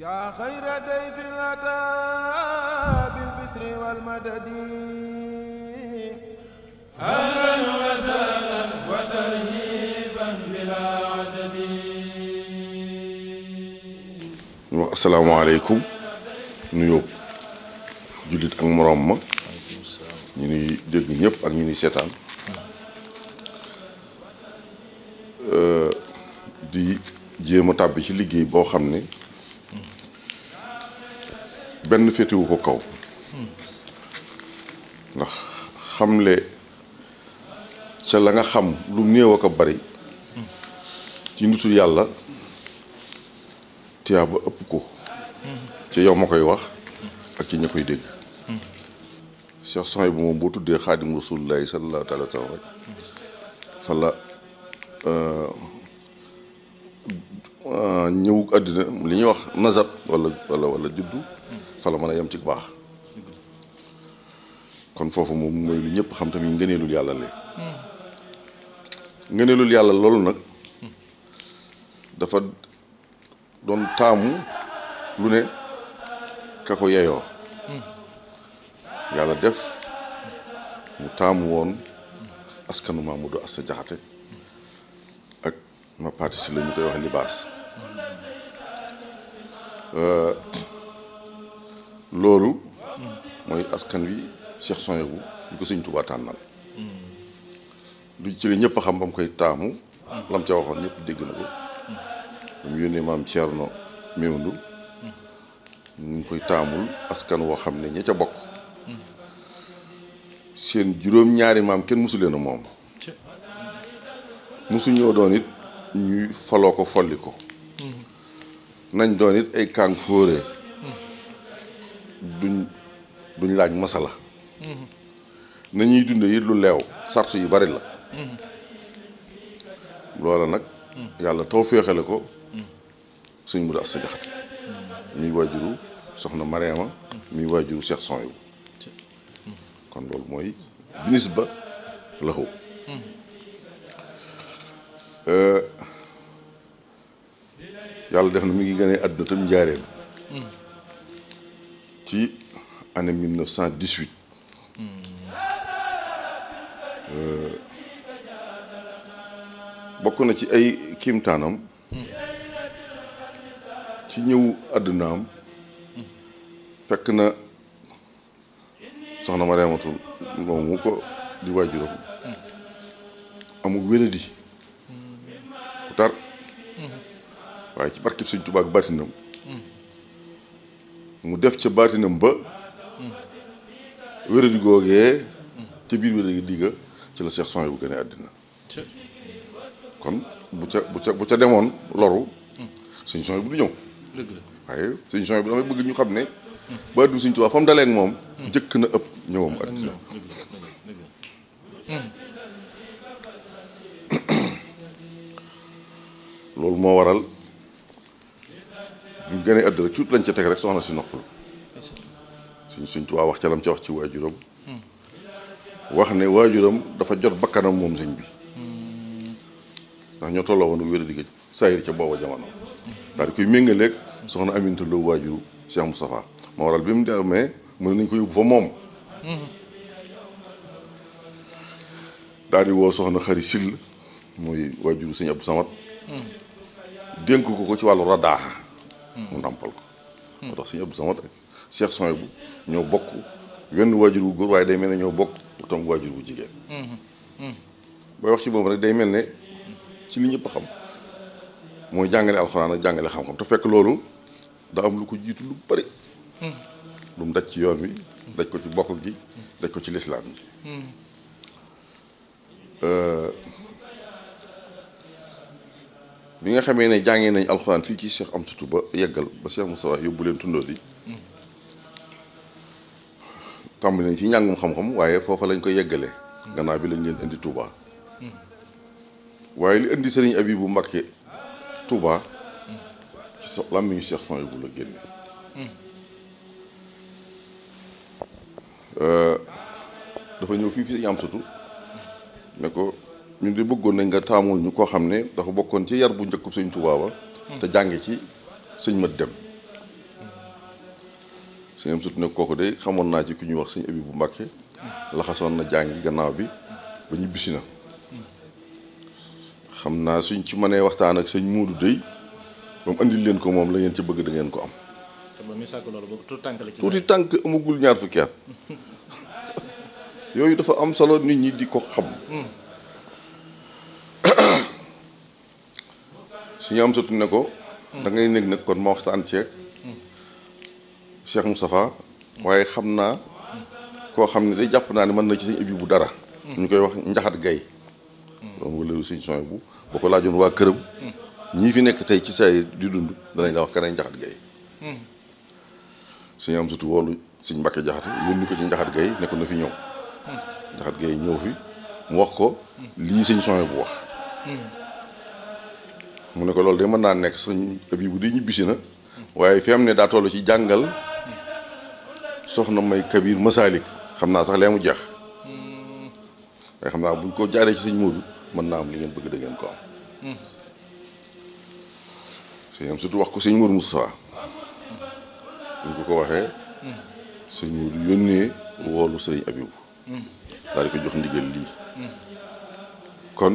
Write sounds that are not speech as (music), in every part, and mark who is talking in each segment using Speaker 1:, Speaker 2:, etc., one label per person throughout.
Speaker 1: يا خير ديف الأتى بالبسر والمدد أهلا وسهلا وترهيبا بلا عدد السلام عليكم نيوب جلد أم رمى ñuy dégg ñëpp ak ñu ni seetaan di jéem a tàbbi ci liggéey boo xam ne benn féetewu ko kaw ndax xamle ca la nga xam lu néew ak bari ci nitu yàlla tiyaa ba ëpp ko ci yow ma koy wax ak ci ña koy dégg Cheikh Souhaïbou bu moom boo tuddee xaadim rasulullahi sallallahu alayhi wa sallam rek fa la euh, euh, ñëwug àddina li ñuy wax nasab wala wala wala juddu fa la mën a yem ci bu baax kon foofu moom mooy lu ñëpp xam tamit ngëneelul yàlla la ngëneelul yàlla loolu nag dafa doon taamu lu ne ka ko yeyoo yàlla def mu taamu woon askanu Mamadou Asta Jaxate ak ma parti si la koy wax libaas euh, loolu mooy askan wi Cheikh Souhaïbou ñu ko Sëñ Tuubaa tànnal du ci li ñëpp xam ba mu koy taamu lam ca waxoon ñëpp dégg na ko ba mu yónnee maam Thierno Mewndu ñu ngi koy taamul askan woo xam ne ña ca bokk seen juróom-ñaari maam kenn mosu moom mosu ñoo doon it ñuy faloo ko folli ko nañ doon it ay kàng fóore duñ duñ laaj masala na ñuy dunde yi lu leew sart yu bari la loola nag yàlla taw féexale ko suñ mu as sa jaxat muy waajuru soxna Mariama muy waajuru Cheikh son yu kon loolu mooy binis ba laxu euh, yàlla def na mu ngi gënee àdduna tam njaareem ci année 1918. Euh, bokk na ci ay kiimtaanam ci ñëw àddunaam fekk na soxna ma reematul moomu ko di waajuram amul wéladi
Speaker 2: ku tar mm-hmm.
Speaker 1: waaye ci barkib Sëñ Tuubaa baatinam mm-hmm. mu def ca baatinam ba wéradi googee ca biir wéradi digga ci la Cheikh Son bu gën a àddina kon bu ca bu ca bu ca demoon loru suñ Son bu du ñëw waaye suñ Son bu damay bëgg ñu xam ne ba àddina suñ Tuubaa fa mu moom jëkk na ëpp ñëwam (coughs) loolu moo waral ñu gën a ëdd lañ ca teg rek soxna si noppalu suñ suñ tuwaa wax ca lam ca wax ci waajuram wax ne waajuram dafa jot bakkanam moom sëñ bi ndax ñoo tolloo woon wér digg saayir ca booba jamono daal di koy méngaleeg soxna Aminta Lo waajuru Cheikh Moustapha moo waral bi mu demee mu ne nañ ko yóbbu fa moom daal di woo soxna xari sill mooy waajuru sëñ Abdou Samad mm. dénk ko ko ci wàllu radaaxa mu hmm. ndàmpal ko hmm. moo tax suñu Abdou Samad ak Cheikh Sonia bu ñoo bokk wenn waajur wu góor waaye day mel ne ñoo bokk tomb waajur wu jigéen
Speaker 2: hmm.
Speaker 1: booy wax ci boobu nag day mel ne ci li ñëpp xam mooy jàngale alxuraan ak jàngale xam-xam te fekk loolu da am lu ko jiitu lu bari lu mu daj ci yoon wi daj ko ci bokk gi daj ko ci lislaam gi euh, bi nga xamee ne jàngee nañ alxuraan fii ci am sutu Ba yeggal ba Cheikh Moussa wax yóbbu leen tundoo di tàmbali nañ ci njàngum xam-xam waaye foofa lañ koy yeggalee gannaaw bi lañ leen indi Touba waaye li indi Serigne Abibou Mbacké Touba ci so làmmiñu Cheikh Sonia la génne euh, dafa ñëw fii fi Serigne Amsatou ne ko ñu di bëggoon nañ nga taamul ñu koo xam ne dafa bokkoon ci yar bu njëkkub sëñ Tuubaa ba te jànge ci sëñ Mat Dem sëñ am surtout ne kooku de xamoon naa ci ku ñuy wax sëñ abi bu Mbàkke laxasoon na jàngi gannaaw bi ba ñibbisi na xam naa suñ ci mënee waxtaan ak sëñ Muudu dey ba mu andil leen ko moom la ngeen ci bëgg dangeen ko am tuuti tànk amagul ñaar fukki at (laughs) yooyu dafa am solo nit ñi di ko xam hmm. suñu am satu ne ko da ngay nekk nag kon ma waxtaan ceeg Cheikh Moustapha waaye xam naa koo xam ne day jàpp naa ne mën na ci sañ bu dara ñu koy wax njaxat gay doon wala suñ son bu boo ko laajoon waa këram ñii fi nekk tey ci say di dund danañ la wax kanay njaxat gay suñu am satu woolu suñ Mbàkke jaxat yónni ko ci njaxat gay ne ko na fi ñëw njaxat gay ñëw fi mu wax ko lii suñ son bu wax mu ne ko loolu de mën naa nekk suñ Abibu di ñibbisi na waaye fi am ne daa toll ci jàngal soxna may Kabir Masaalik xam naa sax lee mu jeex waaye xam naa buñ ko jaaree ci sëñ Moodu mën naa am li bëgg da ngeen ko am wax ko sëñ Moodu Mustafaa buñ ko waxee sëñ Moodu yónnee woolu sëñ Abibu daal di ko jox ndigal lii kon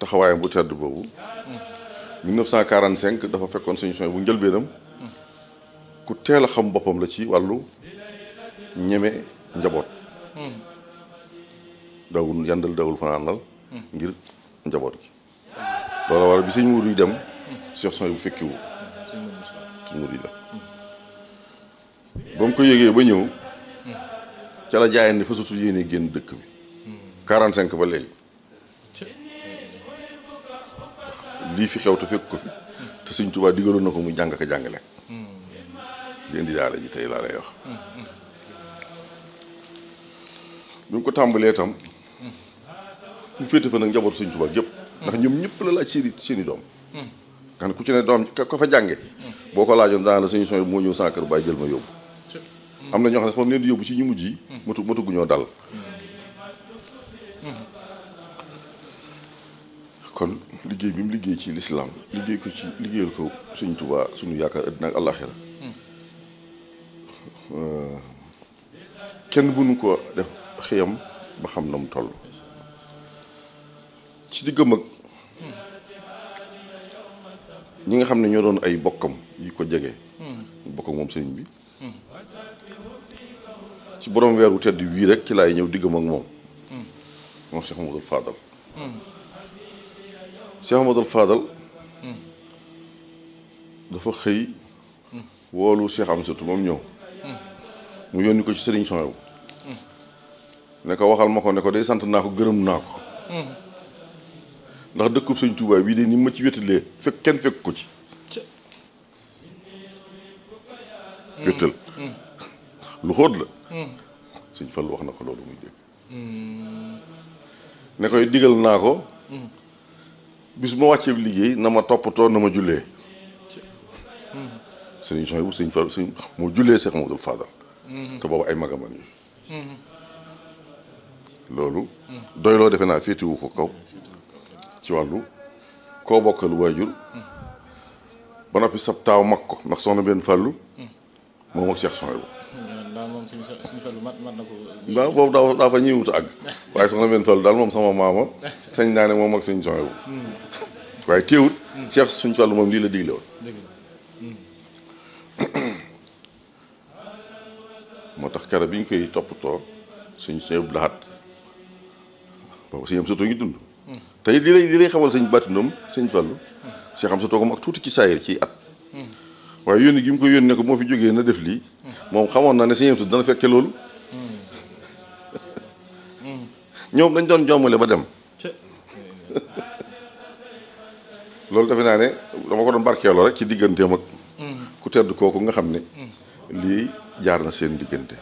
Speaker 1: taxawaayam bu tedd boobu 1945 dafa fekkoon suñu soñ bu njëlbeenam ku teel xam boppam la ci wàllu ñeme njaboot dawul yandal dawul fanaanal ngir njaboot gi loola war bi sëñ muur yi dem suñu soñ bu fekkiwu suñ muur yi dem ba mu ko yégee ba ñëw ca la jaayan ni fa sutu yéene génn dëkk bi 45 ba léegi lii fi xew te fekk ko te sëñ Tuubaa digaloon na ko muy jàng ka jàngale. di indi daara ji tey laa lay wax. bi mu ko tàmbalee tam ñu féete fa nag njabootu sëñ Tuubaa yëpp ndax ñoom ñëpp la laaj seeni seeni doom. kan ku ci ne doom ko fa jànge boo ko laajoon daan la sëñ son moo ñëw saa kër bàyyi jël ma yóbbu. am na ñoo xam ne xam leen yóbbu ci ñu mujj yi. motu motu ñoo dal. kon liggéey bi mu liggéey ci lislaam liggéey ko ci liggéeyal ko sëñ tubaa suñu yaakaar àddina ak àllaaxira kenn bu nu ko def xiyam ba xam na mu toll ci diggam ak ñi nga xam ne ñoo doon ay bokkam yi ko jege bokkam moom sëñ bi ci borom weer wu tedd wii rek ci laay ñëw diggam ak moom moom Cheikh Mamadou Fadal Cheikh Amadou Fadal dafa xëy woolu Cheikh Amsatou moom ñëw mu yónni ko ci sëriñ Soyew ne ko waxal ma ko ne ko day sant naa ko gërëm naa ko ndax dëkkub sëñ Tuubaa bii de ni ma ci wétalee fekk kenn fekk ko ci wétal lu xóot la sëñ Fall wax na ko loolu muy dégg ne koy digal naa ko bis ma wàccee liggéey na ma toppatoo na ma jullee hmm. sëñ son bu sëñ Fall sëñ moo jullee Cheikh Amadou Fadal hmm. te boobu ay magaman yi hmm. loolu doy defe naa féetiwu ko kaw ci wàllu koo bokkal waajur ba noppi sab taaw mag ko ndax soxna benn fàllu moom ak Cheikh son bu
Speaker 2: daal moom suñu suñu felu ko. waaw boobu daa
Speaker 1: daa fa ñuy wut àgg waaye soxna benn felu daal moom sama maama sañ naa ne moom ak suñu soxewu waaye teewut. Cheikh suñu felu moom lii la digle hmm. tax kara bi koy toppatoo suñ suñu ëpp daxat boobu suñu am sa ngi dund. Hmm. te it li lay li lay xamal sëñ bàttinam sëñ Fallu Cheikh am sa toogam ak tuuti ci saayir ci at. Hmm. waaye yónni gi mu ko yónnee ko moo fi jógee na def lii. moom xamoon na ne si ñëwtu dana fekke loolu ñoom dañ doon jommale ba dem loolu defe naa ne dama ko doon barkeeloo rek ci digganteem ak ku tedd kooku nga xam ne lii jaar na seen diggante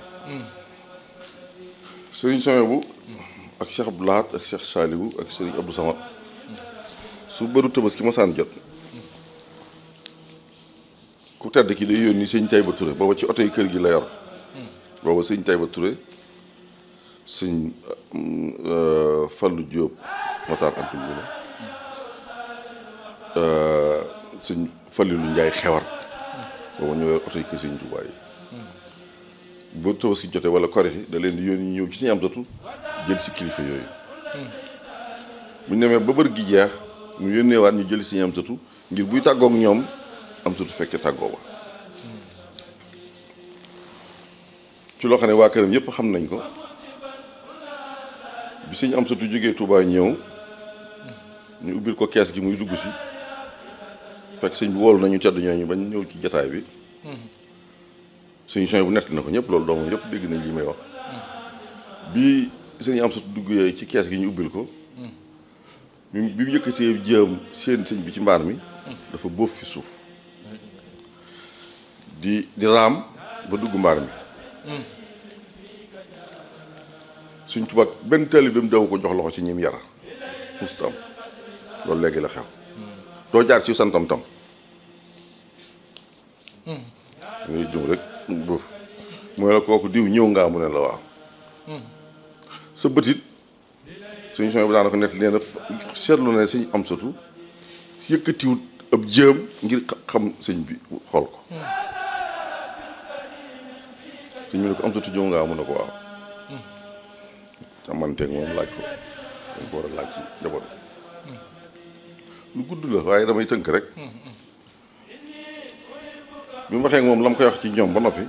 Speaker 1: sëriñ Souhaïbou ak Cheikh Abdou Lahad ak Cheikh Saliou ak sëriñ Abdou Samad su bëru Tabaski masaan jot ku tedd ki day yónni sëñ Taïba Touré booba ci oto yi kër gi la yor hmm. booba sëñ Taïba Touré sëñ euh, Fallou Diop Matar Anta hmm. euh, sëñ Fallou Ndiaye xewar hmm. booba ñoo yor oto yi kër sëñ Touba yi bu Tabaski jotee wala Korite da leen di yónni ñëw ci sëñ Amsatu jël si kilifa yooyu bu ñu demee ba bër gi jeex mu yónneewaat ñu jël si sëñ Amsatu ngir buy tàggoog ñoom am sutu fekke tàggoo ba ci loo xam ne waa këram yëpp xam nañ ko bi suñu am sutu jógee Touba ñëw ñu ubbil ko kees gi muy dugg si fekk sëñ bi woolu nañu tedd ñooñu bañ ñëw ci jataay bi suñu son bu nett na ko ñëpp loolu doomu yëpp dégg nañ li may wax bi sëñ am sutu duggee ci kees gi ñu ubbil ko bi mu yëkkatee jéem sëñ bi ci mbaar mi dafa bóof fi suuf di di raam ba dugg mbaar mi suñ tubaab benn tali bi mu daw ko jox loxo ci ñim yara mosut am loolu léegi la xew doo jaar ci santam tam ngay rek boof mooy la kooku diw ñëw ngaa mu ne la waaw sa bëtit suñu sooy bu daanaka nett nee na seetlu ne suñ am satu yëkkatiwut ab jéem ngir xam sëñ bi xool ko suñ mu ne ko am satu jow ngaa mun a ko waaw amanteeg moom laaj ko dañ ko war a laaj ci njaboot lu gudd la waaye damay tënk rek bi mu waxee moom lam mu koy wax ci ñoom ba noppi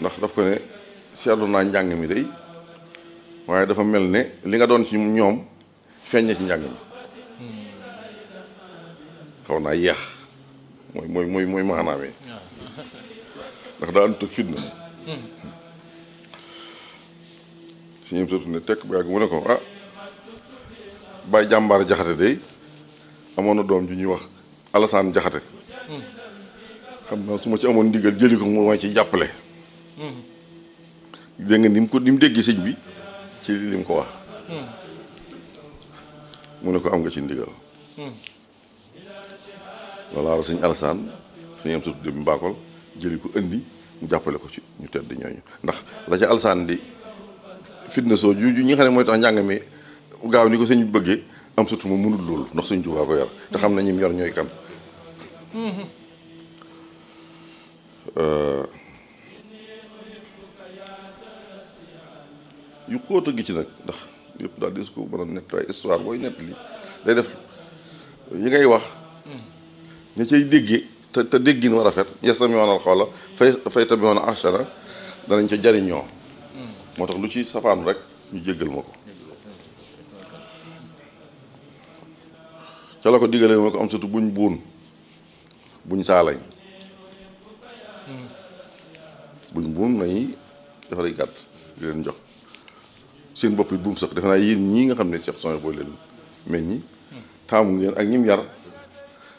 Speaker 1: ndax daf ko ne seetlu naa njàng mi day waaye dafa mel ne li nga doon ci ñoom feeñee ci njàng mi xaw naa yeex mooy mooy mooy mooy maanaamee ndax daa am tëg fitna si ñoom surtout ne tekk ba mu ne ko ah bàyyi jàmbaar jaxate day amoon na doom ju ñuy wax Alassane jaxate xam naa su ma ci amoon ndigal jëli ko moo ma ci jàppale dégg nga ko ni déggi dégg bi ci li ko wax mu ne ko am nga ci ndigal wala ro seigne alassane ñam tudde bi mbakol jëli ko andi mu jappale ko ci ñu tedd ñooñu ndax la ci di fitna so juju ñi xane moy tax ñang mi gaaw ni ko seigne bëgge am surtout mu mënul lool ndax seigne touba ko yar te xam na ñim yor ñoy kan euh yu gi ci ndax ay histoire li day def ngay wax ñu cay déggee te te déggin wa rafet yastami'uuna al-qawla fayattabi'uuna ahsanah danañ ca jariñoo moo tax lu ci safaan rek ñu jéggal ma ko ca la ko diggalee moo ko am surtout buñ buun buñ saalañ buñ buun nay defaray gàtt di leen jox seen bopp yi buum sax defe naa yéen ñii nga xam ne Cheikh Souhaïbou booy leen meññi taamu ngeen ak ñim yar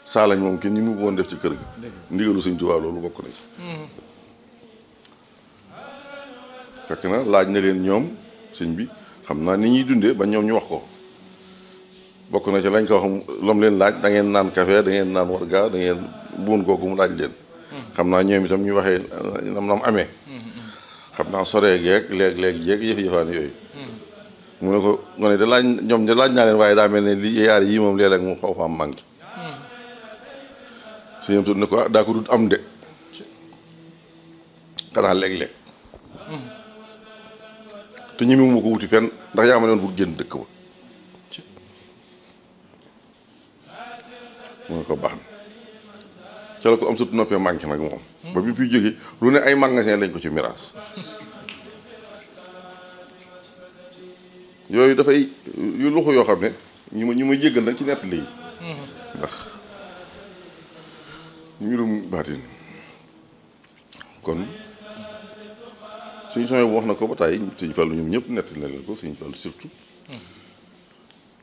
Speaker 1: saalañ moom ki ñu mu woon def ci kër ga ndigalu sëñ Tuubaa loolu bokk na ci fekk na laaj na leen ñoom sëñ bi xam naa ni ñuy dundee ba ñoom ñu wax ko bokk na ci lañ ko xam lam leen laaj da ngeen naan café dangeen ngeen naan warga da ngeen buun kooku mu laaj leen hmm. xam naa ñoom itam ñu waxee nam nam amee hmm, hmm, xam naa soree geeg léeg-léeg jeeg yëf-yëfaan yooyu mu ne ko nga ne da laaj ñoom da laaj naa leen waaye daa mel ne li yaar yi moom léeg-léeg mu xaw fa am manqué sëñ am ne ko ah daa ko dut am de xanaa léeg-léeg te ñi mu ko wuti fen ndax yaa ma ne woon bu génn dëkk ba mu ne ko baax na ca la ko am sut noppee manqué nag moom ba bi mu fiy jógee lu ne ay magasin lañ ko ci miraas yooyu dafay yu loxo yoo xam ne ñu ma ñu ma jéggal nag ci nettali yi ndax mbirum baatin kon suñu sooy wax na ko ba tàyyi suñu fàllu ñëpp nett na leen ko suñu fàllu surtout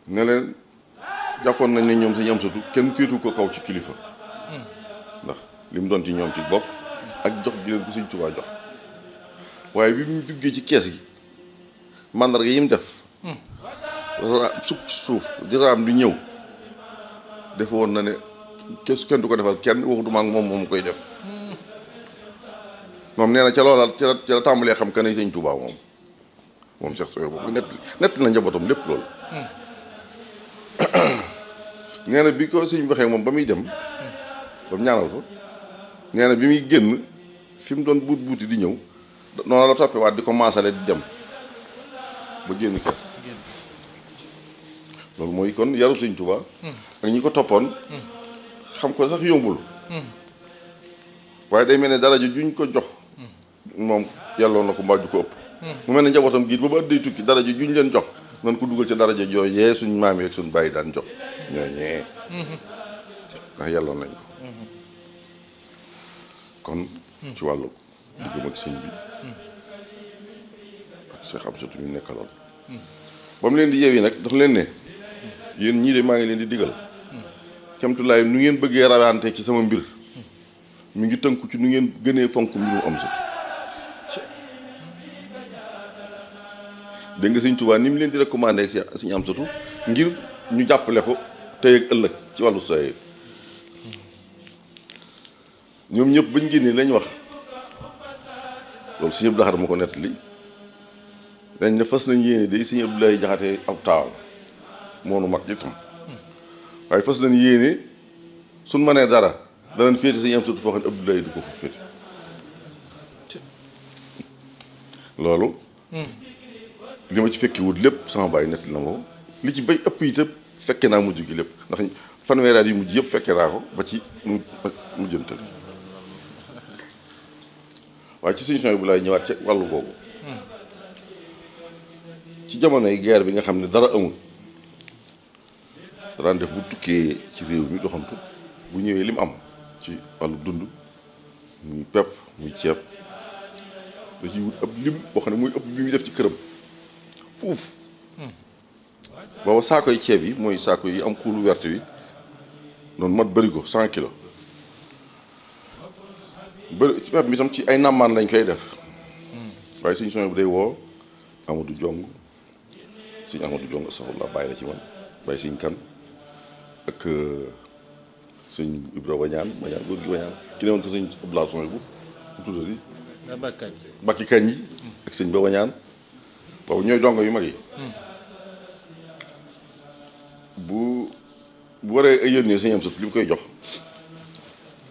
Speaker 1: ne jàppoon nañ ne ñoom suñu am surtout kenn féetu ko kaw ci kilifa ndax li doon ci ñoom ci bopp ak jox gi leen ko suñ tubaa jox waaye bi mu duggee ci kees gi màndarga yi mu def hmm. ra sukk suuf di raam di ñëw defe woon na ne kes kenn du ko defal kenn waxutuma ak moom moom koy def moom nee na ca loola ca la ca la xam que ne sëñ Tuubaa moom moom Cheikh Souhaïbou boobu nett nett na lépp loolu hmm. bi ko sëñ waxee moom ba muy dem ba mu ñaanal ko bi muy génn fi mu doon buut buuti di ñëw noonu la toppee waat di ko maasale di dem ba génn kees loolu mooy kon yaru sëñ Tuubaa hmm. ak ñi ko toppoon hmm. xam ko sax yombul. waaye day mel ni dara juñ ko jox. moom yàlloon na ko mbaa ju ko ëpp. mu mel ni njabootam giit ba ba day tukki dara juñ leen jox nan ko dugal ci dara ju jooyee suñ maam daan jox ñooñee. ndax yàlloon nañ kon. ci wàllu diggam ak sëñ bi. ak xam surtout ñu nekkaloon. ba mu leen di yeewi nag daf leen ne ñii de maa ngi leen di digal. kemtulaay nu ngeen bëggee rawante ci sama mbir mi ngi tënku ci nu ngeen gënee fonk mbirum am satu dégg nga sëñ Tuubaa ni mu leen di recommandé ak suñu am satu ngir ñu jàppale ko tey ak ëllëg ci wàllu say ñoom ñëpp bañ génnee lañ wax loolu sëñ Abdou Lahad ma ko nettali dañ ne fas nañ yéene day sëñ Abdoulaye Jaxate ab taaw moonu mag itam waaye fas nañ yéene suñ mënee dara danañ féete sañu am sut foo xam ne Abdoulaye du ko fa féete loolu hmm. li ma ci fekki lépp sama bàyyi nettali na ma li ci bay ëpp itam fekke naa mujj gi lépp ndax fanweeraat yi mujj yëpp fekke naa ko ba ci mu mujjantal waaye ci suñu son bu laay ñëwaat ci wàllu boobu hmm. ci jamonoy guerre bi nga xam ne dara amul da def bu tukkee ci réew mi doxantu bu ñëwee li mu am ci wàllu dund muy pepp muy ceeb da ciy wut ab lim boo xam ne muy ëpp bi muy def ci këram fuuf booba saako yi ceeb yi mooy saako yi am kuulu wert wi noonu mat bëri ko cent kilos bëri ci pepp mi tam ci ay nàmmaan lañ koy def waaye suñu sooy bu day woo Amadou Jong suñu Amadou Jong astaxfirullah bàyyi la ci man bàyyi suñ kan ak euh, sëñ Ibra Wañaan Wañaan góor ah, yi ak Ba Wañaan boobu ñooy dongo yu mag yi. Hmm. bu bu waree ay yónnee sëñ am sët li mu koy jox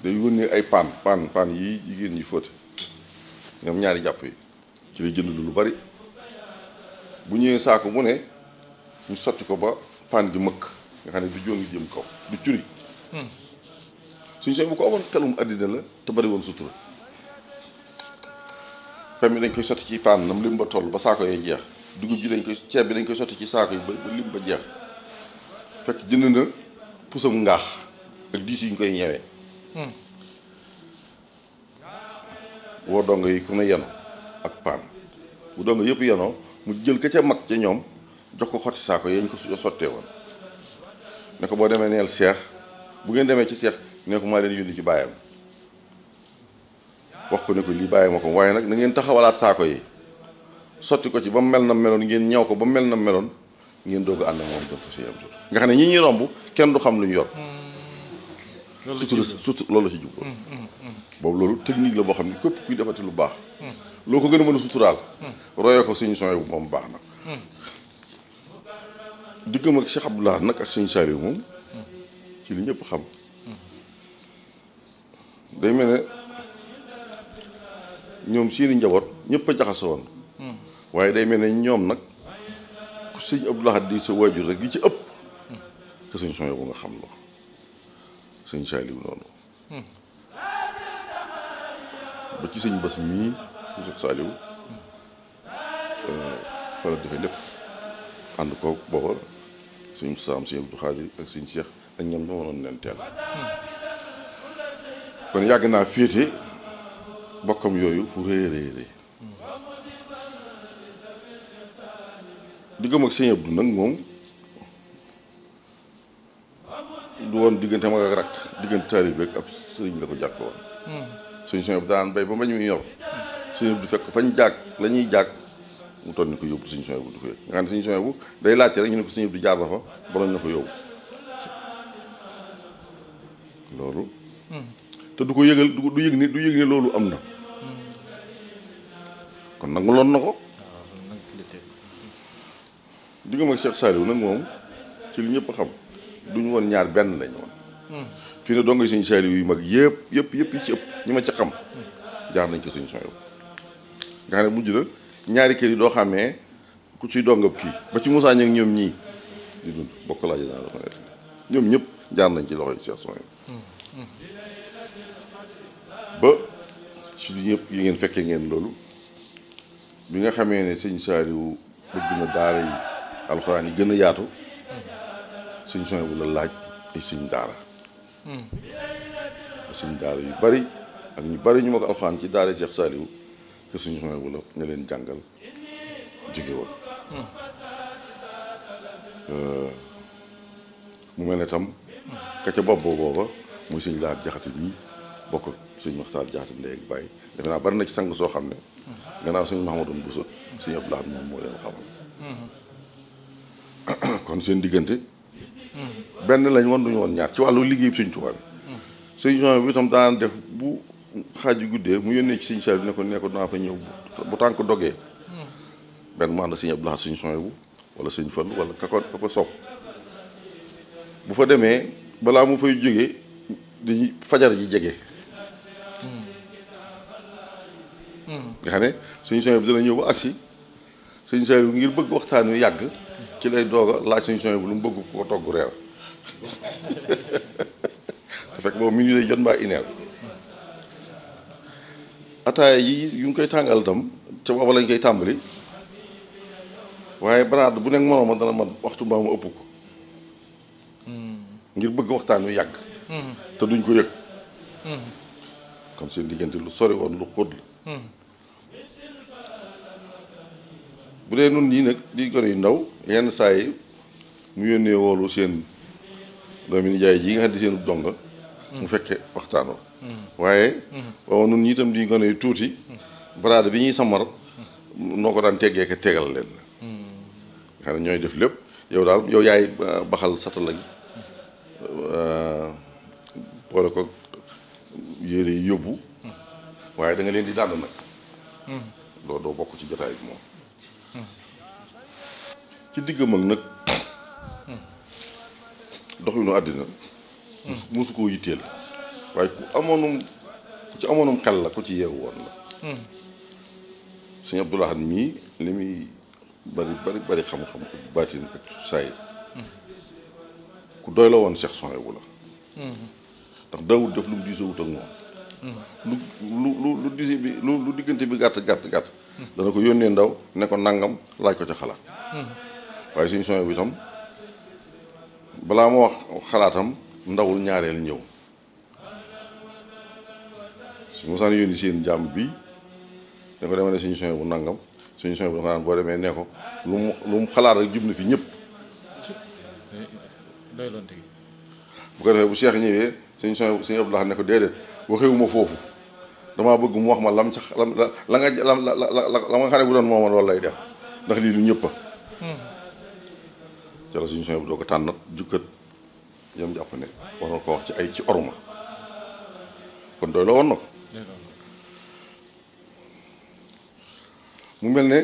Speaker 1: day yónnee ay paan paan paan yi jigéen ñi fóote ñoom ñaari jàpp yi ci lay jënd lu bari bu ñëwee saako mu ne ñu sotti ko ba paan gi mëkk. nga xam ne du jóngi jëm kaw du curi hmm. suñu sooy bu ko amoon xelum àddina la te bari woon sutura pem bi dañ koy sotti ci paan nam lim ba toll ba saako yee jeex dugub ji dañ koy ceeb bi dañ koy sotti ci saako yi ba lim ba jeex fekk jënd na pusam ngaax ak diis yi ñu koy ñewee hmm. woo dongo yi ku ne yeno ak paan bu dongo yëpp yenoo mu jël ka ca mag ca ñoom jox ko xotti saako yañ ko sottee woon ne ko boo demee neel Cheikh bu ngeen demee ci Cheikh ne ko maa leen yónni ci baayam wax ko ne ko lii bàyyi ma ko waaye nag na ngeen taxawalaat saako yi sotti ko ci ba mu mel na meloon ngeen ñaw ko ba mu mel na meloon ngeen doog a am jot nga xam ne ñi ñuy romb kenn du xam lu ñu yor.
Speaker 2: Hmm. Hmm. surtout hmm.
Speaker 1: surtout loolu la ci jublu boobu la boo xam ne képp kuy defati lu baax. loo ko gën a suturaal. royee ko suñu son bu moom baax na. diggam ak Cheikh Abdoulaye nag ak Serigne Saliou moom ci li ñëpp xam day mel ne ñoom seeni njaboot ñëpp a jaxasoo woon waaye day mel ne ñoom nag ku Serigne sa waajur rek gi ci ëpp que Serigne Saliou nga xam loo Serigne Saliou noonu ba ci Serigne Bass mii ku Serigne Saliou euh, fa la defee lépp ànd ko booba suñu saam suñu Abdou Khadir ak suñu Cheikh ak ñoom ñoo mënoon leen teel yàgg naa féete bokkam yooyu fu rëy rëy rëy ak sëñ Abdou nag moom du woon diggante mag ak rakk diggante taalibe ak ab sëriñ la ko jàkk woon hmm. suñ daan bay ba mañ muy yor sëñ Abdou fekk fañ jàkk lañuy ñuy jàkk mu toll ni ko yóbbu suñu sooy bu du ko yëg nga xam ne suñu sooy bu day laajte rek ñu ne ko suñu bu du jaar na fa borom na ko yóbbu loolu hmm. te du ko yëgal du yëg ni du yëg loolu am na hmm. kon nangu loon na ko hmm. diggam ak Cheikh Saliou nag moom ci li woon ñaar benn lañu woon fii ne suñu Saliou yu mag yëpp yëpp yëpp yi ci ëpp ñi ma ci xam jaar nañ ko suñu sooy bu nga xam ne mujj na ñaari kër yi doo xàmmee ku ciy dongab kii ba ci Moussa Niang ñoom ñii di dund bokk laa jël naa la ko nekk ñoom ñëpp jaar nañ ci loxo yi Cheikh Souhaïbou ba yi ngeen fekkee ngeen loolu bi nga xamee ne sëñ Saaliw bëgg daara yi alxuraan yi sëñ Souhaïbou la laaj ay hmm. yu bari ak ñu ñu ma ko alxuraan ci daara Cheikh Saaliw ci suñu joint wala ñu leen jàngal jóge woon euh, mu mel ne tam ka ca bopp booba muy suñ laat jaxate mii bokk ak suñu waxtaan jaxate ndey ak bàyyi defe naa bari na ci sang soo xam ne gannaaw suñu Mahamadou Bousso suñu ab laat moom moo leen xamal (coughs) kon seen diggante benn lañ woon duñu woon ñaar ci wàllu liggéey suñ tubaab bi suñu joint bi tam daan def bu xaaju guddee mu yónnee ci sëñ bi ne ko ne ko naa fa ñëw bu tànk dogee benn mu ànd sëñ Abdou Lahad sëñ Sohaybu wala sëñ wala ka ko ka ko sopp bu fa demee balaa mu fay jóge dañuy fajar ji jege. nga xam ne sëñ Sohaybu dina ñëw ba agsi sëñ Saliou ngir bëgg waxtaan wi yàgg ci lay doog a laaj sëñ Sohaybu lu mu bëgg ko togg reer (laughs) te fekk boobu mi ngi lay jot mbaa ineel ataaya yi yu ñu koy tàngal itam ca booba lañ koy tàmbali waaye baraad bu nekk moroom dana man waxtu mbaa mu ëpp ko hmm. ngir bëgg waxtaan wi yàgg hmm. te duñ ko yëg hmm. kon seen diggante lu sori woon lu xóot la bu dee nun ñii nag di gone yu ndaw yenn saa yi mu yónnee woolu seen doomi nijaay ji nga xam seen donga mu fekke waxtaan waaye waaw nun ñi tam di gone yu tuuti baraade bi ñuy samar noo ko daan teggee ko tegal leen xam ne ñooy def lépp yow daal yow yaay euh, baxal satala gi euh, boole ko yére yi yóbbu waaye da leen di dànd nag doo doo bokk ci jotaay bi moom ci diggam ak nag àddina musu waaye ku amoonum ku ci amoonum xel la ku ci yeewu woon la hmm. sëñ Abdou Lahad mii li muy bari bari bari xam-xam ku baatin ak saay hmm. ku doy la woon Cheikh Souhaïbou la hmm. ndax daawul def lu mu diisoo wut ak moom lu lu lu lu bi lu diggante bi gàtt gàtt gàtt dana ko yónnee ndaw ne ko nangam laaj ko ca xalaat waaye suñu Souhaïbou itam balaa ma wax xalaatam ndawul ñaareel ñëw bu ma saan yónni seen jàmm bii dafa demee ne suñu soñ bu nangam suñu soñ bu dafa boo demee ne ko lu mu lu mu xalaat rek jub na fi ñëpp. bu ko defee bu Cheikh ñëwee suñu soñ suñu ëpp ne ko déedéet waxewuma foofu damaa bëgg mu wax ma lam ca lam la nga la la nga xam ne bu doon moomal loolu lay def ndax lii lu ñëpp a. ca la suñu soñ bu doo ko tànnat jukkat yam jàpp ne war ko wax ci ay ci orma kon doy la woon na ko. mu mel ne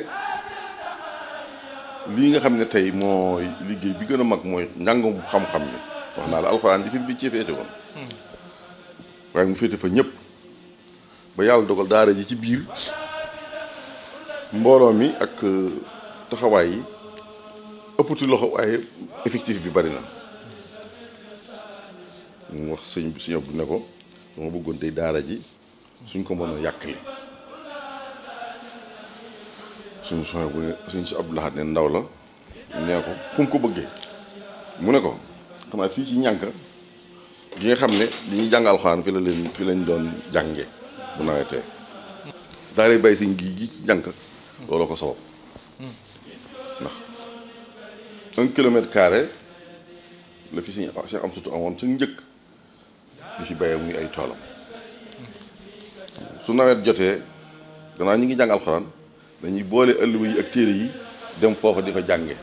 Speaker 1: lii nga xam ne tey mooy liggéey bi gën a mag mooy njàngum xam-xam ni wax naa la alxuraan ji fi fi ci féete woon waaye mu féete fa ñëpp ba yàlla dogal daara ji ci biir mbooloo mi ak euh, taxawaay yi ëpp ëppati loxo waaye effectif bi bari na mu wax sëñ bi sëñ bu ne ko dama bëggoon tey daara ji suñ ko mën a yàqle suñu soxna bu ne suñ si Abdou Lahad ne ndaw la nee ko ko bëggee mu ne ko xanaa fii ci ñànk gi nga xam ne li ñuy jàng alxuraan fi la leen fi lañ doon jànge bu bay siñ gi gi ci ñànk loolu kilomètre carré la si am sutu amoon njëkk di fi béyee muy ay toolam su nawet jotee danaa ñu ngi jàng alxuraan dañuy boole ëllëg yi ak téere yi dem foofa di fa jànge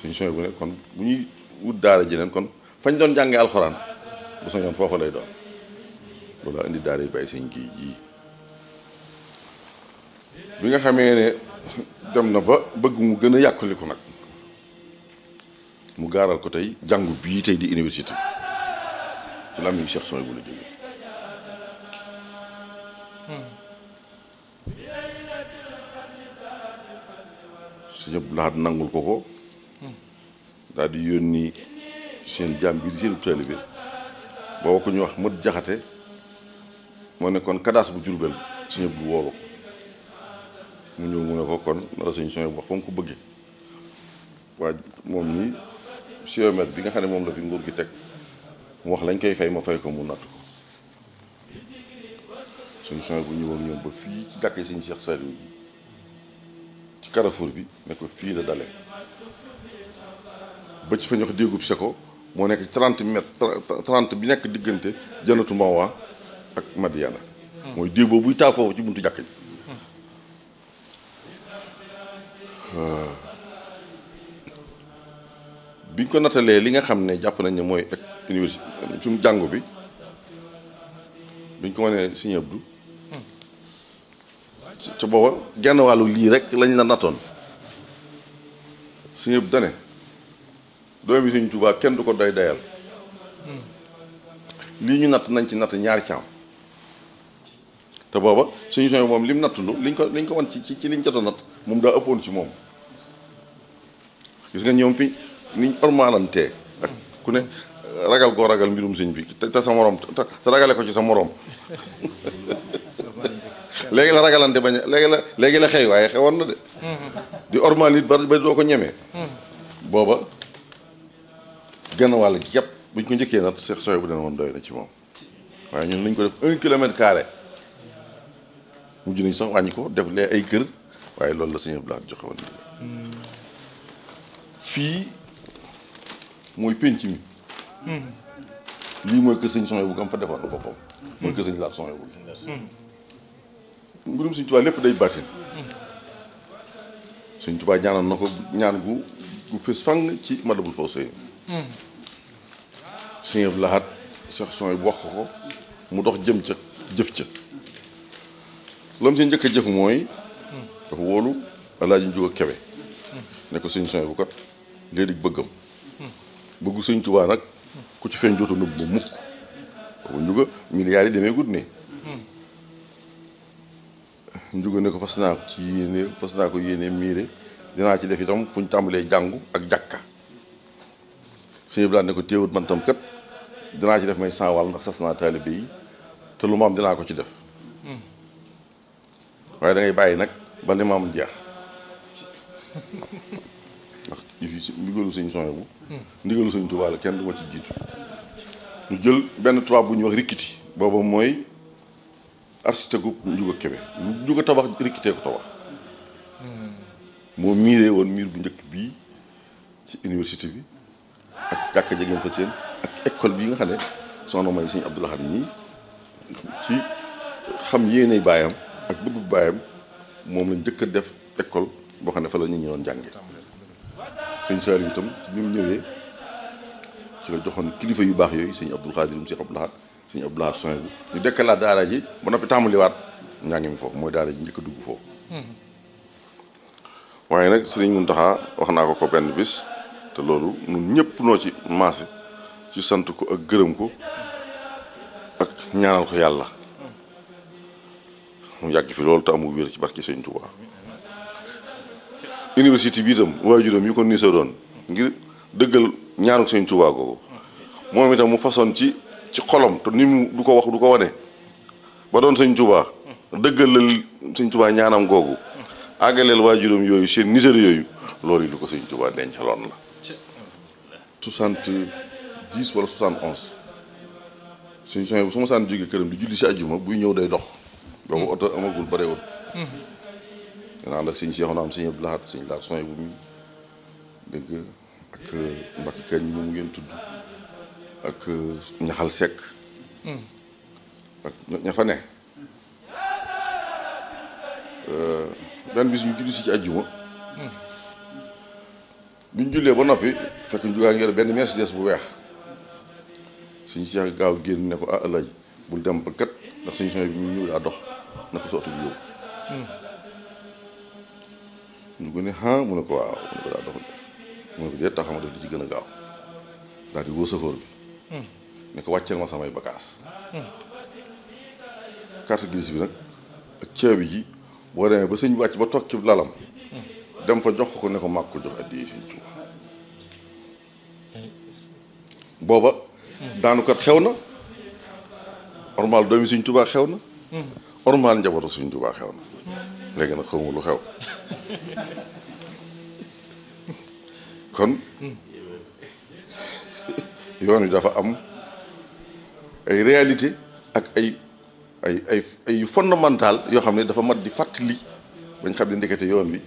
Speaker 1: suñu sooy bu ne kon bu ñuy wut daara jeneen kon fañ doon jànge alxuraan bu soñoon foofa lay doon loolu indi daara yi bàyyi seen géej gi bi nga xamee ne dem na ba bëgg mu gën a yàkkuli ko nag mu gaaral ko tey jàngu bii tey di université ci làmmiñ Cheikh sooy bu la jógee hmm. sëñ Abdou Lahad nangul ko ko daal di nii seen jaam bi di seen taalibe booba ko ñu wax mët jaxate moo nekkoon kadaas bu Jurbel sëñ Abdou wooba ko mu ñëw mu ne ko kon nara sëñ sooy bi nga xam ne moom la fi gi teg lañ koy fay ma fay sooy bu ñëwoon ñoom ba fii ci jàkkee sëñ Cheikh Saliou ci bi ne ko fii la dale ba ci fa ñu wax déggub seko moo nekk 30 mètres 30 bi nekk diggante janatu Mbawa ak Madiana hmm. mooy déeg boobu buy taa foofu ci buntu jàkk ji hmm. ah. biñ ko nattalee li nga xam ne jàpp nañ ne mooy ak université suñu jàngu bi biñ ko wanee Sëñ Abdou ci booba genn wàllu lii rek lañ la nattoon su ñëpp dane doom bi Sëñ Tuubaa kenn du ko doy doyal lii ñu natt nañ ci natt ñaari caam te booba suñu sooy moom lim nattulu liñ ko liñ ko wan ci ci liñ jot a natt moom daa ëppoon ci moom gis nga ñoom fi niñ ormaalantee ak ku ne ragal koo ragal mbirum sëñ bi te sa morom te ragale ko ci sa moroom
Speaker 2: (laughs) léegi
Speaker 1: la ragalante bañ léegi la léegi la xëy waaye xewoon na de mm-hmm. di ormal nit ba doo ko ñemee
Speaker 2: mm-hmm.
Speaker 1: booba genn wàll gi yëpp buñ ko njëkkee nag Cheikh Sow bu dana woon doy na ci moom waaye ñun lañ ko def un kilomètre carré mujj nañ sax wàññi ko def lee ay kër waaye loolu la suñu blaat joxe woon fii mooy penc mi mm-hmm. lii mooy kër sëñ Sow am fa defoon boppam mooy kër sëñ laat Sow bu mbirum Sëñ Tuubaa lépp day baatin Sëñ Tuubaa ñaanal na ko ñaan gu gu fës fang ci Matlabul Fawzayni Sëñ Abdu Lahat section yi wax ko mu dox jëm ca jëf ca lam ci njëkk a jëf mooy dafa wóolu alaaji Njuga Kebe ne ko sëñ bu kat léegi bëggam bëggu Sëñ Tuubaa nag ku ci feeñ jootu nëbb mu mukk boobu Njuga milliards yi demee gudd nii njuga ne ko fas naa ko ci yéene fas naa ko yéene miire dinaa ci def itam fu ñu tàmbalee jàngu ak jàkka sëñ bi ne ko téewut man tam kat dinaa ci def may sanwal ndax sas naa taalibe yi te lu ma am dinaa ko ci def hmm. waaye da ngay bàyyi nag ba li ma am jeex ndax fi ndigalu sëñ Sonia bu hmm. ndigalu sëñ Tuubaa la kenn du ci jiitu ñu jël benn tubaab bu ñu wax rikkiti booba mooy architecte gu Ndiouga Kébé Ndiouga tabax rikkitee ko tabax hmm. moo miiree woon miir bu njëkk bii ci université bi ak jàkka ja ngeen fa seen ak école bi nga xam ne soxna may sëñ Abdou Lahad ñii ci xam yéene baayam ak bëggu baayam moom lañ njëkk a def école boo xam ne fa la ñu ñëwoon jànge sëñ Saliou itam ñu ñëwee ci la joxoon kilifa yu baax yooyu sëñ Abdou Khadir mu sëñ Abdou Lahad suñu ab laat soin bi ñu dëkkalaat daara ji ba noppi tàmbaliwaat njàngi mi foofu mooy daara ji njëkk a dugg foofu hmm. waaye nag Sëriñ Muntaxa wax naa ko ko benn bis te loolu ñun ñëpp noo ci maase ci sant ko ak gërëm ko ak ñaanal ko yàlla hmm. mu yàgg fi loolu te amul wér ci barki Sëriñ Tuubaa université bi itam waajuram yu ko nii sa doon ngir dëggal ñaanu Sëriñ Tuubaa googu hmm. moom itam mu façon ci ci xolom te ni mu du ko wax du ko wane ba doon sëñ Tuubaa dëggalal sëñ Tuubaa ñaanam googu waa juróom yooyu seen niser yooyu loolu yi lu ko sëñ Tuubaa dencaloon la. 70 wala 71 suñu sooy bu su ma saan jógee këram di julli si àjjuma buy ñëw day dox boobu oto amagul bëreewul. dina ànd ak sëñ Cheikh naam sëñ Abdou Lahad sëñ Laat sooy bu muy dégg ak Mbacke Kañ moom ngeen tudd. ak euh, ñaxal sek hmm. ak ña fa ne euh, benn bis ñu julli si ci àjjuma hmm. biñ jullee ba noppi fekk ñu jugaa ngir benn mercedes bu weex suñ seex gaaw génn ne ko ah alaj bul dem ba kat ndax suñ sooy bi ñu dari daa dox hmm. ñu ah, mu ne ko waaw mu ne ko dox mu ne ko taxama def ci gaaw di bi ne ko wàcceel ma samay bagaas carte grise bi nag ak caabi ji boo demee ba sëñ wàcc ba toog ci lalam dem fa jox ko ne ko màgg ko jox addiya sëñ Tuuba booba daanukat xew na ormal doomi sëñ Tuuba xew na ormal njabootu sëñ Tuuba xew na léegi nag xawma lu xew kon yoon wi dafa am ay réalité ak ay ay ay ay yoo xam ne dafa mat di fàttali dañ xam ne ndekete yoon wi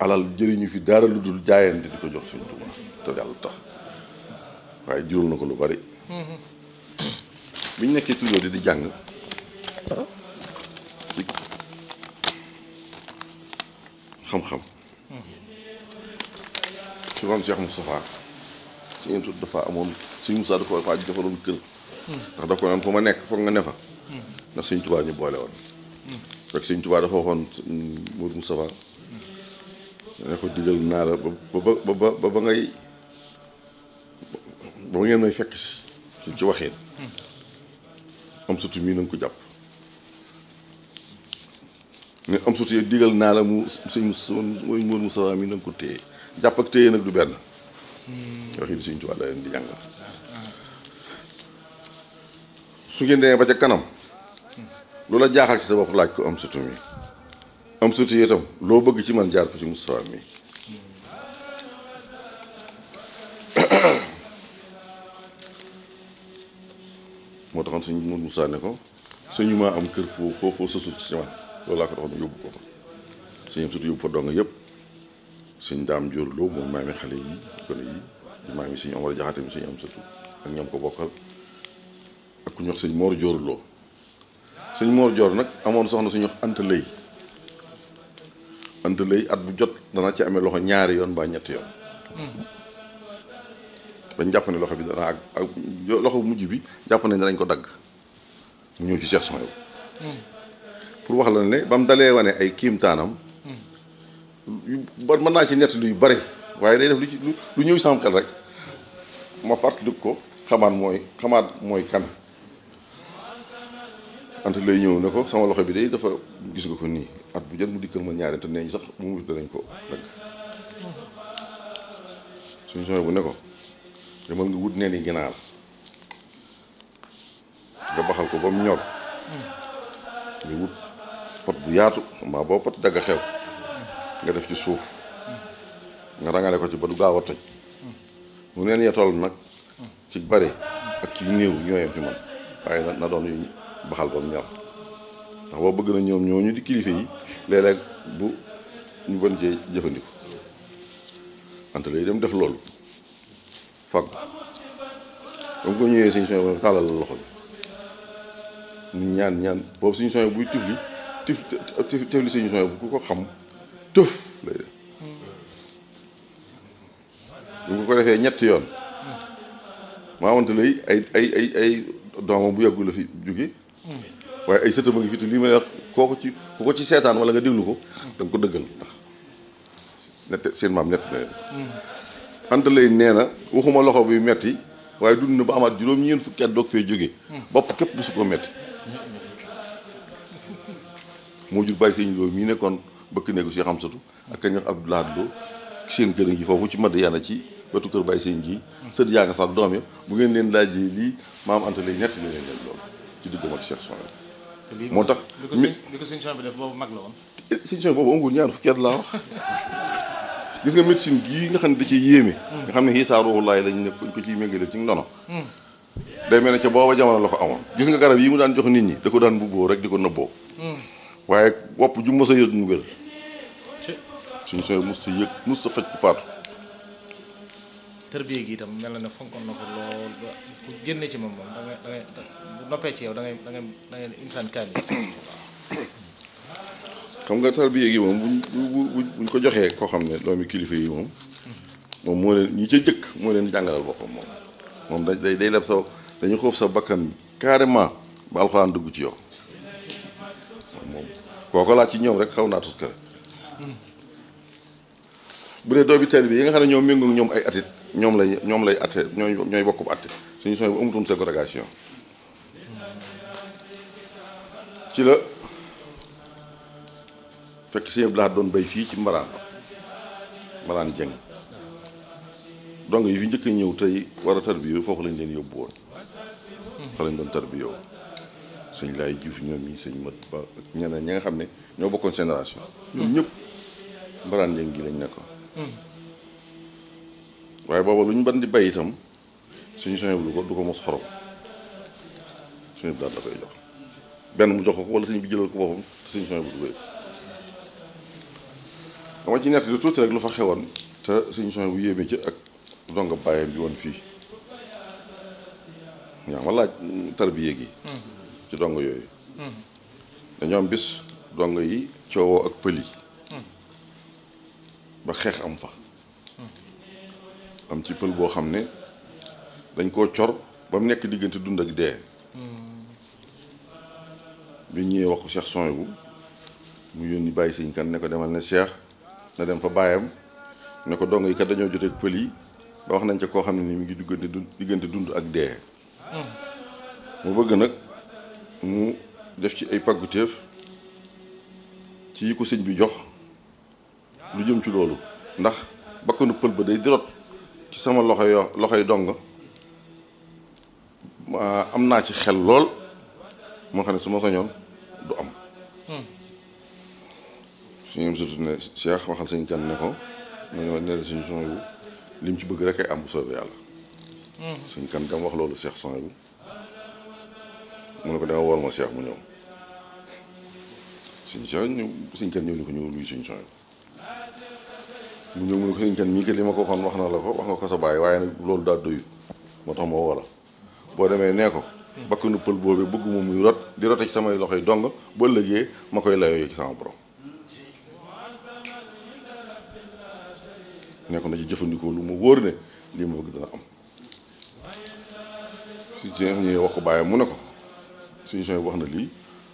Speaker 1: alal jëriñu fi dara lu dul jaayante di ko jox Sëñ Tuubaa te yàlla tax waaye jural na ko lu bari biñ nekkee tuddoo di di jàng xam-xam ci moom Cheikh Moustapha ci dafa amoon suñu Moussa dafa waa ji dafa ma nekk foog nga ne fa. suñ ñu boole woon. fekk suñ Tuubaa dafa waxoon Mour Moustapha ne ko digal ba ba ba ba ba ci waxee. am sutu mii na ko jàpp. ne am sutu digal naa la mu suñ Mour mu mii na nga ko téye jàpp ak téye nag du benn. waxin suñ tubaab la ba ca kanam lu la jaaxal ci sa bopp laaj ko am sutu mi am sutu itam loo bëgg ci man jaar ko ci Moustapha mi (coughs) moo taxoon suñ mu Moussa ne ko suñu maa am kër foo foo foo sësut man loolu laa ko taxoon yóbbu ko suñu am sutu yóbbu fa dong yëpp suñ daam jurloo mooy maami xale yi gone yi maami suñu Omar Jaxate mi suñu am satu ak ñoom ko bokkal ak ku ñu wax suñ moor joorloo suñ moor joor nag amoon soxna suñu wax anta lëy at bu jot dana ci amee loxo ñaari yoon ba ñetti yoon bañ jàpp ne loxo bi dana ak ak loxo mujj bi jàpp ne danañ ko dagg mu ñëw ci Cheikh Souhaïbou hmm. pour wax la ne ba mu dalee wane ay kiimtaanam ba mën naa ci nett lu yu bëri waaye day def lu ci lu ñëw sama xel rek ma fàttaliku ko xamaat mooy xamaat mooy kan ante lay ñëw ne ko sama loxo bi day dafa gis nga ko nii at bu jot mu dikkal ma ñaari te nee sax mu mu nañ ko dagg suñu sooy bu ne ko demal nga wut neen yi ginaar nga baxal ko ba mu ñor hmm. nga wut pot bu yaatu xam boo pot dagg xew nga def ci suuf nga rangale ko ci ba du gaaw a toj mu neen ya toll nag ci bari ak ci néew ñooyam fi man waaye na doon yu baxal ba ñor ndax boo bëgg na ñoom ñooñu di kilifa yi léeg bu ñu bën cee jëfandiku ante lay dem def loolu fag dam ko ñëwee suñ soñ bu tàllal loxo bi ñaan ñaan boobu suñ soñ buy tifli tif tifli suñ soñ bu ku ko xam tëf lay def bu nga ko defee ñetti yoon maamante lay ay ay ay ay doomam bu yàggu la fi jóge waaye ay sëtam a ngi fi te lii may wax koo ko ci seetaan wala nga déglu ko da ko dëggal ndax nett seen maam nett na anta lay nee na waxuma loxo buy metti waaye dund na ba amaat juróom ñeent fukki at doog fee jóge bopp képp bu su ko metti moo jur bàyyi seen juróom ñi nekkoon bëkk néegu si xam satu ak kañ wax Abdoulaye Lo seen kër yi foofu ci madd yàlla ci wetu kër bàyyi seen ji sët yaa nga fa ak doom ya bu ngeen leen laajee lii maam Anta lay ñett ni leen leen loolu ci diggam ak Cheikh Souhaïbou moo tax li
Speaker 2: ko sëñ Souhaïbou def boobu mag la woon
Speaker 1: eh, sëñ Souhaïbou boobu amul ñaar fukki at laa wax gis nga médecine gii nga xam ne da ciy yéeme nga xam ne xiisaa ruuxulaay lañ ne ko ciy méngale ci ndono hmm. day mel ne ca booba jamono la ko amoon nga garab yi mu daan jox nit da ko daan mbubboo rek di waaye wopp ju mos a yëg mu wér suñu sooy mos a yëg mos a faj ku faatu.
Speaker 2: tërbiye gi itam mel na ne fonkoon na ko lool ba ku ci moom moom da ngay insaan kaamil
Speaker 1: xam nga tërbiye gi moom buñ buñ buñ ko joxee koo xam ne doomi kilifa yi moom. moom moo leen ñi ca jëkk moo leen jàngalal boppam moom moom day day day leb sa dañu xoof sa bakkan carrément ba alxuraan dugg ci yow. kooku laa ci ñëw rek xaw naa tuskare bu dee doomi taalibe yi nga xam ne ñoom méngoog ñoom ay atit ñoom lay ñoom lay atte ñooy ñooy bokk bu atte suñu sooy bu amutoon ségrégation ci la fekk si laa doon bay fii ci mbaraan mbaraan jëng donc yi fi njëkk ñëw tey war a tarbiyu foofu lañ leen yóbbu woon fa lañ doon tarbiyoo sëñ Laay Juuf ñoom yi sëñ Mat ñeneen ñi nga xam ne ñoo bokkoon génération ñoom ñëpp mbaraan yëng gi lañ nekkoon waaye booba lu ñu ban di bay itam suñu soñe bu ko du ko mos xorom suñu daal benn mu jox ko wala bi jëlal ko boppam bu du ko yëg dama ci nett lu tuuti rek lu fa xewoon te suñu soñe bu yéeme ci ak donga bàyyam bi woon fii yaa ma laaj mm, gi mm-hmm. ci dong yooyu dañoo am bis dong yi coowoo ak pël yi ba xeex am fa am ci pël boo xam ne dañ koo cor bam mu nekk diggante dund ak dee bi ñëwee wax ko Cheikh Son mu yónni bàyyi sëñ kan ne ko demal ne Cheikh na dem fa bàyyam ne ko dong yi kat dañoo joteeg pël yi ba wax nañ ca koo xam ni mu ngi diggante dund diggante dund ak dee hmm. mu bëgg nag mu def ci ay pàggutéef ci yi ko sëñ bi jox lu jëm ci loolu ndax bakkanu pël ba day dirot ci sama loxo yo yi dong am naa ci xel lool moo xam ne su ma sañoon du am hmm. suñu am surtout ne Cheikh waxal sëñ Can ne ko ne ne suñu son bu lim ci bëgg rek ay am bu soobee yàlla hmm. sëñ Can dam wax loolu Cheikh son bu mu ne ko dama woor ma Cheikh mu ñëw suñ Cheikh ñëw suñ kenn ñëw ni ko ñëw luy suñ Cheikh mu ñëw mu ne ko suñ kenn mii kat li ma ko waxoon wax na la ko wax nga ko sa bàyyi waaye nag loolu daal doyut moo tax moo woola boo demee nee ko bakkanu pël boobu bëgg muy rot di rote ci samay loxo yi dong boo lëgee ma koy layoo sama borom nekkoon na ci jëfandikoo lu ma wóor ne lii ma bëgg dana am su jeex ñëwee wax ko bàyyi mu ne ko suñu sooy wax na lii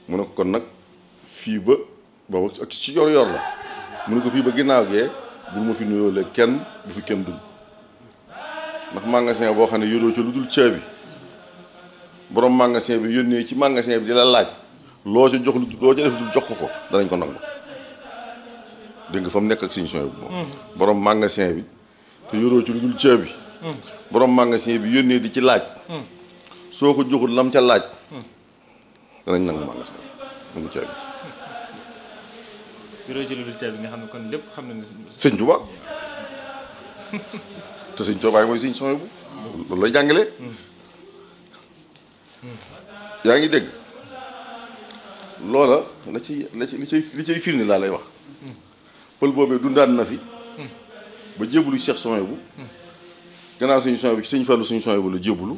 Speaker 1: mu ne ko kon nag fii ba boobu ak ci yor-yor la mu ne ko fii ba ginnaaw gee bul ma fi nuyoo léegi kenn bu fi kenn dugg ndax magasin boo xam ne yoroo ci lu dul caabi borom magasin bi yónnee ci magasin bi di la laaj loo ca jox lu dul jox ko ko danañ ko nangu dégg nga fa mu nekk ak suñu sooy bu moom borom magasin bi te yoroo ci lu dul caabi hmm. borom magasin bi yónnee di ci laaj hmm. soo ko joxul lam ca laaj. danañ nangu magasin bi mu caa gis.
Speaker 2: bureau bi nga xam ne kon lépp xam nañ ne.
Speaker 1: sëñ Tuba (laughs) te sëñ Tuba mooy sëñ Sonia bu loolu lay jàngalee. yaa ngi dégg loola la ci la ci li cay li cay firnde laa lay wax. pël boobee dundaan na fi. ba jébbalu Cheikh Sonia bu. gannaaw suñ Sonia bu sëñ Fallou sëñ Sonia bu la jébbalu.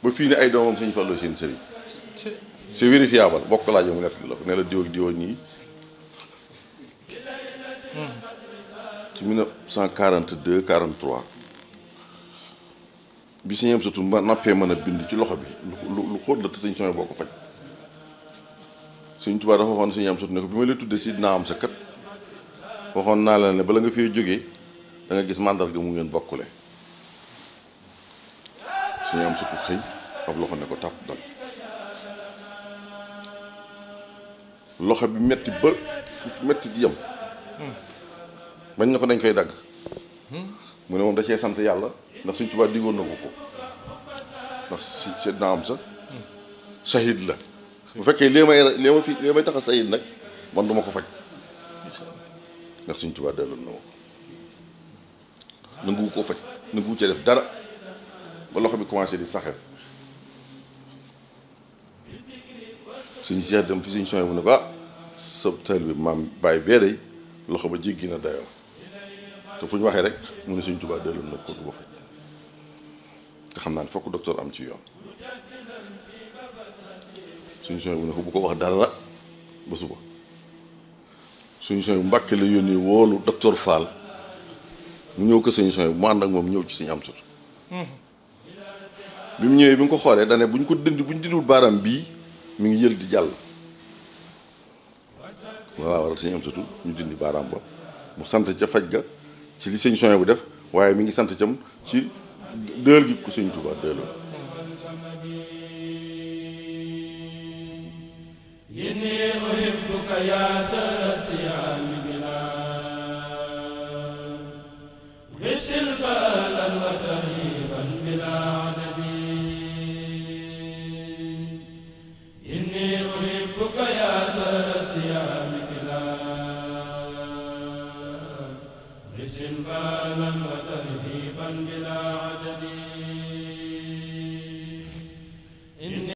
Speaker 1: ba fii ne ay doomam sëñ Fallou seen sëriñ. c'est vérifiable bokk laa jëm nett la ko ne la diw ak diwa ñii ci 1942 43 bi sëñ am surtout ma nappee mën a bind ci loxo bi lu xóot la te sëñ Souhaïbou boo ko faj sëñ Tuubaa dafa waxoon sëñ am surtout ne ko bi ma lay tuddee si naa am sa kat waxoon naa la bala nga fee jóge da nga gis màndarga mu ngeen bokkule sëñ am surtout xëy ab loxo ne ko tàpp dal loxo bi metti ba fu metti di bañ na ko dañ koy dagg. mu ne moom da cee sant yàlla ndax suñ tubaab diggoon na ko ko ndax si seddina am sa sahid la bu fekkee lii may lii ma fi nag man duma ko faj ndax suñ tubaab delloon na ko faj nanguwu cee def dara ba loxo bi commencé di saxe suñu seex dem sooy bu ne ko ah bi maam bàyyi bee loxo ba jéggi na dayoo te fu waxee rek mu ne dellu na ko du xam naa ne fokk docteur am ci yoon suñu sooy bu ne ko wax dara ba suba suñu sooy bu mbàkke la yónnee woolu docteur Fall mu ñëw ko suñu sooy bu mu ànd ak moom ñëw ci suñu am sut bi mu ñëwee bi mu ko xoolee dane bu ñu ko dindi bu ñu dindiwul baaraam bii mi ngi yël di jàll walla waral sëñ am satu ñu dindi baaraam ba mu sant ca faj ga ci li sëñ soñé bu def waaye mi ngi sant cam ci dël gi ko sëñ Tuubaa dëloo